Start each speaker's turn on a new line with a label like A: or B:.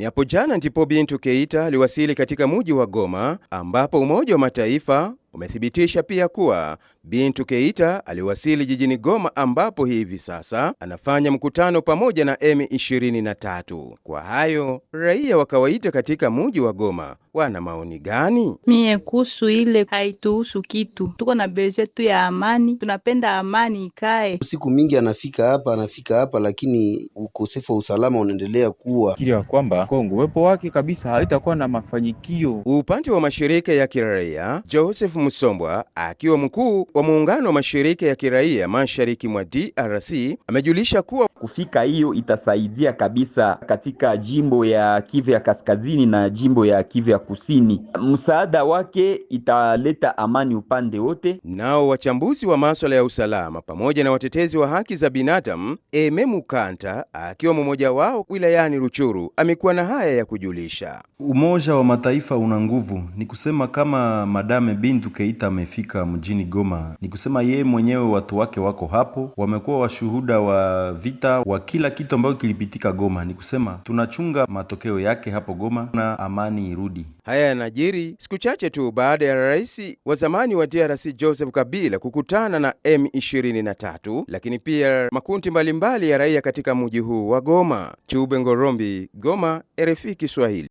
A: Ni hapo jana ndipo Bintu Keita aliwasili katika muji wa Goma ambapo Umoja wa Mataifa umethibitisha pia kuwa Bintu Keita aliwasili jijini Goma ambapo hivi sasa anafanya mkutano pamoja na M23. Kwa hayo, raia wa kawaida katika muji wa Goma wana maoni gani?
B: Mie kuhusu ile haituhusu kitu, tuko na beje tu ya amani, tunapenda amani ikae.
C: Siku mingi anafika hapa anafika hapa, lakini ukosefu wa usalama unaendelea kuwa
D: kile ya kwamba Kongo uwepo wake kabisa haitakuwa na mafanyikio.
A: Upande wa mashirika ya kiraia Joseph Msombwa akiwa mkuu wa muungano wa mashirika ya kiraia mashariki mwa DRC amejulisha kuwa
E: kufika, hiyo itasaidia kabisa katika jimbo ya Kivu ya kaskazini na jimbo ya Kivu ya kusini. Msaada wake italeta amani upande wote.
A: Nao wachambuzi wa maswala ya usalama pamoja na watetezi wa haki za binadamu, Eme Mukanta akiwa mmoja wao wilayani Ruchuru, amekuwa na haya ya kujulisha.
F: Umoja wa Mataifa una nguvu, ni kusema kama Madame Bintu Keita amefika mjini Goma, ni kusema yeye mwenyewe watu wake wako hapo, wamekuwa washuhuda wa vita utapata wa kila kitu ambayo kilipitika Goma. Ni kusema tunachunga matokeo yake hapo Goma na amani irudi.
A: Haya yanajiri siku chache tu baada ya rais wa zamani wa DRC Joseph Kabila kukutana na M23, lakini pia makundi mbalimbali ya raia katika mji huu wa Goma. Chube Ngorombi, Goma, RFI Kiswahili.